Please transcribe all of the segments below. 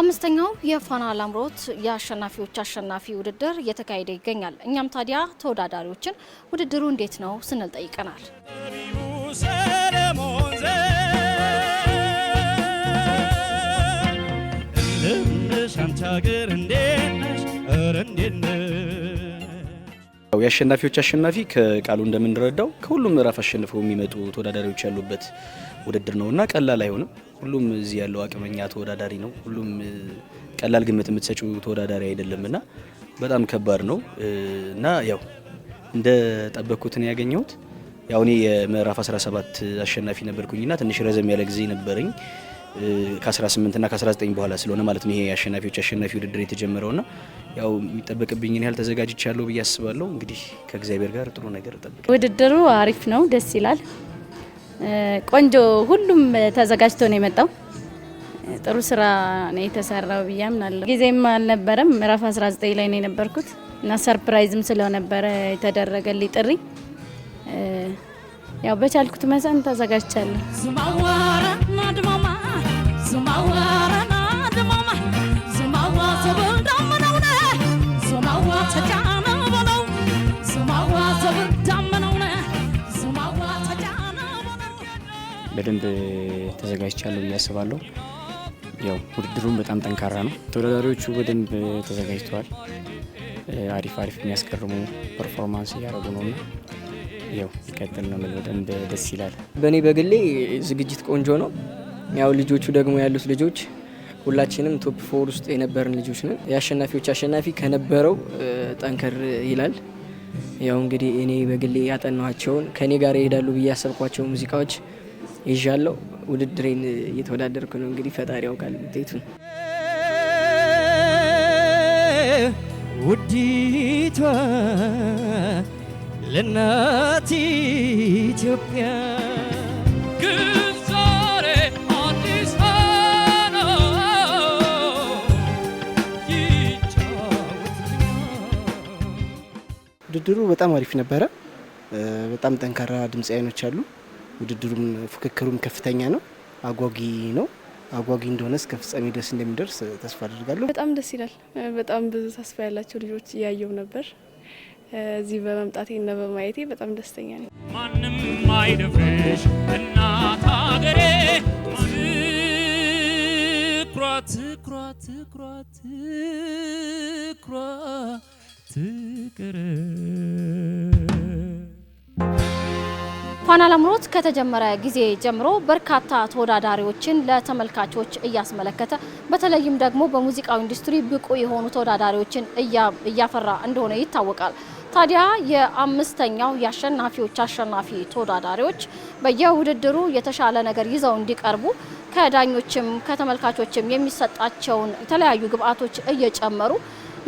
አምስተኛው የፋና ላምሮት የአሸናፊዎች አሸናፊ ውድድር እየተካሄደ ይገኛል። እኛም ታዲያ ተወዳዳሪዎችን ውድድሩ እንዴት ነው ስንል ጠይቀናል። የአሸናፊዎች አሸናፊ ከቃሉ እንደምንረዳው ከሁሉም ምዕራፍ አሸንፈው የሚመጡ ተወዳዳሪዎች ያሉበት ውድድር ነው እና ቀላል አይሆንም። ሁሉም እዚህ ያለው አቅመኛ ተወዳዳሪ ነው። ሁሉም ቀላል ግምት የምትሰጪው ተወዳዳሪ እና በጣም ከባድ ነው እና ያው እንደ ጠበቅኩትን ያገኘሁት ያው እኔ የምዕራፍ 17 አሸናፊ ነበርኩኝና ትንሽ ረዘም ያለ ጊዜ ነበረኝ ከ18 እና ከ19 በኋላ ስለሆነ ማለት ነው ይሄ አሸናፊዎች አሸናፊ ውድድር የተጀመረውና ያው የሚጠበቅብኝን ያህል ተዘጋጅቻለሁ ብዬ አስባለሁ። እንግዲህ ከእግዚአብሔር ጋር ጥሩ ነገር ጠብቅ። ውድድሩ አሪፍ ነው፣ ደስ ይላል። ቆንጆ ሁሉም ተዘጋጅቶ ነው የመጣው። ጥሩ ስራ ነው የተሰራው ብዬ አምናለሁ። ጊዜም አልነበረም ምዕራፍ 19 ላይ ነው የነበርኩት እና ሰርፕራይዝም ስለነበረ የተደረገልኝ ጥሪ ያው በቻልኩት መሰን ተዘጋጅቻለሁ። በደንብ ተዘጋጅቻለሁ ብዬ አስባለሁ። ያው ውድድሩም በጣም ጠንካራ ነው። ተወዳዳሪዎቹ በደንብ ተዘጋጅተዋል። አሪፍ አሪፍ የሚያስገርሙ ፐርፎርማንስ እያደረጉ ነው እና ያው ይቀጥል ነው። በደንብ ደስ ይላል። በእኔ በግሌ ዝግጅት ቆንጆ ነው። ያው ልጆቹ ደግሞ ያሉት ልጆች ሁላችንም ቶፕ ፎር ውስጥ የነበርን ልጆች ነን። የአሸናፊዎች አሸናፊ ከነበረው ጠንከር ይላል። ያው እንግዲህ እኔ በግሌ ያጠናኋቸውን ከእኔ ጋር ይሄዳሉ ብዬ ያሰብኳቸው ሙዚቃዎች ይዣለው ውድድሬን እየተወዳደርኩ ነው። እንግዲህ ፈጣሪ ያውቃል ውጤቱን። ውዲቷ ለናት ኢትዮጵያ ውድድሩ በጣም አሪፍ ነበረ። በጣም ጠንካራ አይኖች አሉ። ውድድሩም ፍክክሩም ከፍተኛ ነው፣ አጓጊ ነው። አጓጊ እንደሆነ እስከ ፍጻሜ ድረስ እንደሚደርስ ተስፋ አድርጋለሁ። በጣም ደስ ይላል። በጣም ብዙ ተስፋ ያላቸው ልጆች እያየው ነበር። እዚህ በመምጣቴ እና በማየቴ በጣም ደስተኛ ነኝ። ማንም አይደፍርሽ እናት ሀገሬ ትኩራ ትኩራ ትኩራ ፋና ላምሮት ከተጀመረ ጊዜ ጀምሮ በርካታ ተወዳዳሪዎችን ለተመልካቾች እያስመለከተ በተለይም ደግሞ በሙዚቃው ኢንዱስትሪ ብቁ የሆኑ ተወዳዳሪዎችን እያፈራ እንደሆነ ይታወቃል። ታዲያ የአምስተኛው የአሸናፊዎች አሸናፊ ተወዳዳሪዎች በየውድድሩ የተሻለ ነገር ይዘው እንዲቀርቡ ከዳኞችም ከተመልካቾችም የሚሰጣቸውን የተለያዩ ግብዓቶች እየጨመሩ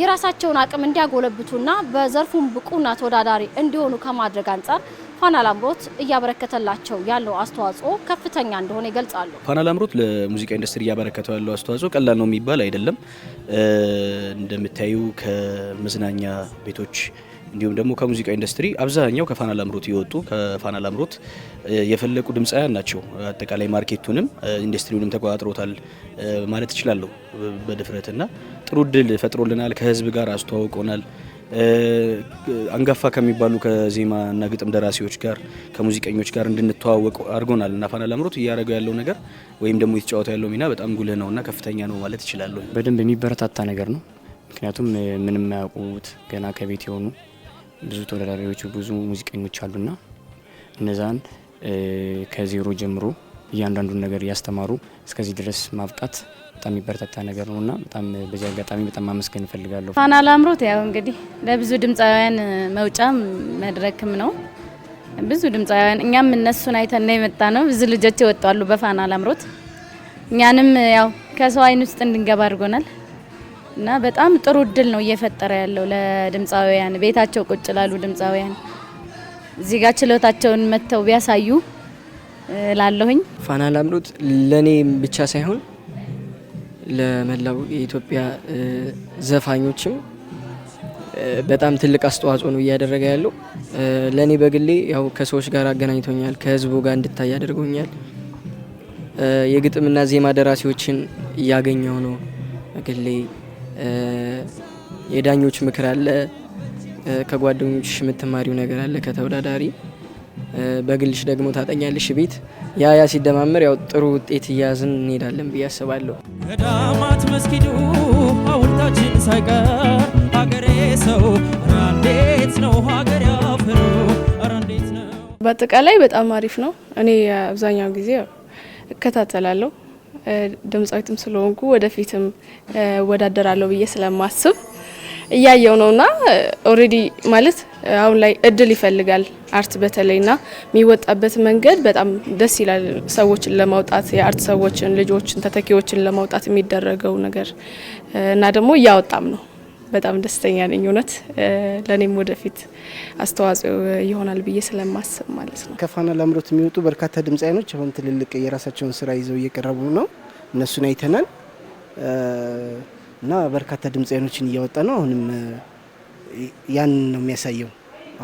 የራሳቸውን አቅም እንዲያጎለብቱና በዘርፉም ብቁና ተወዳዳሪ እንዲሆኑ ከማድረግ አንጻር ፋና ላምሮት እያበረከተላቸው ያለው አስተዋጽኦ ከፍተኛ እንደሆነ ይገልጻሉ። ፋና ላምሮት ለሙዚቃ ኢንዱስትሪ እያበረከተው ያለው አስተዋጽኦ ቀላል ነው የሚባል አይደለም። እንደምታዩ ከመዝናኛ ቤቶች እንዲሁም ደግሞ ከሙዚቃ ኢንዱስትሪ አብዛኛው ከፋና ላምሮት የወጡ ከፋና ላምሮት የፈለቁ ድምፃውያን ናቸው። አጠቃላይ ማርኬቱንም ኢንዱስትሪውንም ተቆጣጥሮታል ማለት እችላለሁ በድፍረት እና ጥሩ እድል ፈጥሮልናል። ከህዝብ ጋር አስተዋውቆናል። አንጋፋ ከሚባሉ ከዜማ እና ግጥም ደራሲዎች ጋር ከሙዚቀኞች ጋር እንድንተዋወቅ አድርጎናል እና ፋና ላምሮት እያደረገው ያለው ነገር ወይም ደግሞ የተጫወተው ያለው ሚና በጣም ጉልህ እና ከፍተኛ ነው ማለት እችላለሁ። በደንብ የሚበረታታ ነገር ነው። ምክንያቱም ምንም ያውቁት ገና ከቤት የሆኑ ብዙ ተወዳዳሪዎች ብዙ ሙዚቀኞች አሉና እነዛን ከዜሮ ጀምሮ እያንዳንዱን ነገር እያስተማሩ እስከዚህ ድረስ ማብቃት በጣም የሚበረታታ ነገር ነው እና በጣም በዚህ አጋጣሚ በጣም ማመስገን እፈልጋለሁ። ፋና ላምሮት ያው እንግዲህ ለብዙ ድምፃውያን መውጫም መድረክም ነው። ብዙ ድምፃውያን እኛም እነሱን አይተን ነው የመጣ ነው። ብዙ ልጆች ይወጣሉ በፋና ላምሮት እኛንም ያው ከሰው አይን ውስጥ እንድንገባ አድርጎናል። እና በጣም ጥሩ እድል ነው እየፈጠረ ያለው ለድምፃውያን፣ ቤታቸው ቁጭ ላሉ ድምፃውያን እዚህ ጋር ችሎታቸውን መጥተው ቢያሳዩ ላለሁኝ ፋና ላምሮት ለእኔ ብቻ ሳይሆን ለመላው የኢትዮጵያ ዘፋኞችም በጣም ትልቅ አስተዋጽኦ ነው እያደረገ ያለው። ለእኔ በግሌ ያው ከሰዎች ጋር አገናኝቶኛል፣ ከህዝቡ ጋር እንድታይ አድርጎኛል። የግጥምና ዜማ ደራሲዎችን እያገኘው ነው በግሌ የዳኞች ምክር አለ፣ ከጓደኞች የምትማሪው ነገር አለ ከተወዳዳሪ በግልሽ ደግሞ ታጠኛለሽ ቤት ያ ያ ሲደማመር ያው ጥሩ ውጤት እያያዝን እንሄዳለን ብዬ አስባለሁ። ገዳማት መስጊዱ ሐውልታችን ሳይቀር ሀገሬ ሰው እንዴት ነው ሀገር ያፍሩ እንዴት ነው። በአጠቃላይ በጣም አሪፍ ነው። እኔ አብዛኛው ጊዜ እከታተላለሁ። ድምጻዊትም ስለሆንኩ ወደፊትም እወዳደራለሁ ብዬ ስለማስብ እያየው ነውና ኦልሬዲ ማለት አሁን ላይ እድል ይፈልጋል አርት ና የሚወጣበት መንገድ በጣም ደስ ይላል። ሰዎችን ለማውጣት የአርት ሰዎችን፣ ልጆችን፣ ተተኪዎችን ለማውጣት የሚደረገው ነገር እና ደግሞ እያወጣም ነው በጣም ደስተኛ ነኝ። እውነት ለእኔም ወደፊት አስተዋጽኦ ይሆናል ብዬ ስለማስብ ማለት ነው። ከፋና ላምሮት የሚወጡ በርካታ አይኖች አሁን ትልልቅ የራሳቸውን ስራ ይዘው እየቀረቡ ነው። እነሱን አይተናል እና በርካታ ድምፅ አይኖችን እያወጣ ነው። አሁንም ያን ነው የሚያሳየው።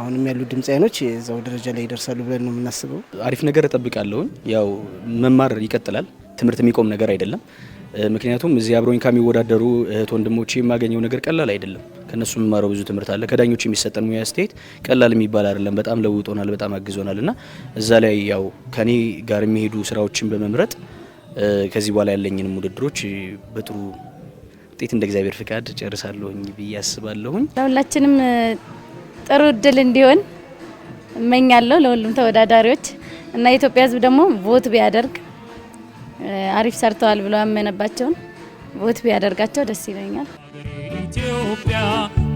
አሁንም ያሉ ድምፅ አይኖች እዛው ደረጃ ላይ ይደርሳሉ ብለን ነው የምናስበው። አሪፍ ነገር እጠብቃለሁኝ። ያው መማር ይቀጥላል። ትምህርት የሚቆም ነገር አይደለም። ምክንያቱም እዚህ አብሮኝ ከሚወዳደሩ እህት ወንድሞቼ የማገኘው ነገር ቀላል አይደለም። ከነሱ የምማረው ብዙ ትምህርት አለ። ከዳኞች የሚሰጠን ሙያ አስተያየት ቀላል የሚባል አይደለም። በጣም ለውጦናል፣ በጣም አግዞናል እና እዛ ላይ ያው ከኔ ጋር የሚሄዱ ስራዎችን በመምረጥ ከዚህ በኋላ ያለኝንም ውድድሮች በጥሩ ውጤት እንደ እግዚአብሔር ፍቃድ ጨርሳለሁኝ ብዬ አስባለሁኝ። ለሁላችንም ጥሩ እድል እንዲሆን እመኛለሁ ለሁሉም ተወዳዳሪዎች እና የኢትዮጵያ ሕዝብ ደግሞ ቮት ቢያደርግ አሪፍ ሰርተዋል ብሎ ያመነባቸውን ቦት ቢያደርጋቸው ደስ ይለኛል። ኢትዮጵያ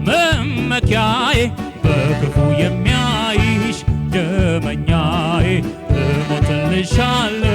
መመኪያዬ በክፉ የሚያይሽ ደመኛዬ እሞትልሻለሁ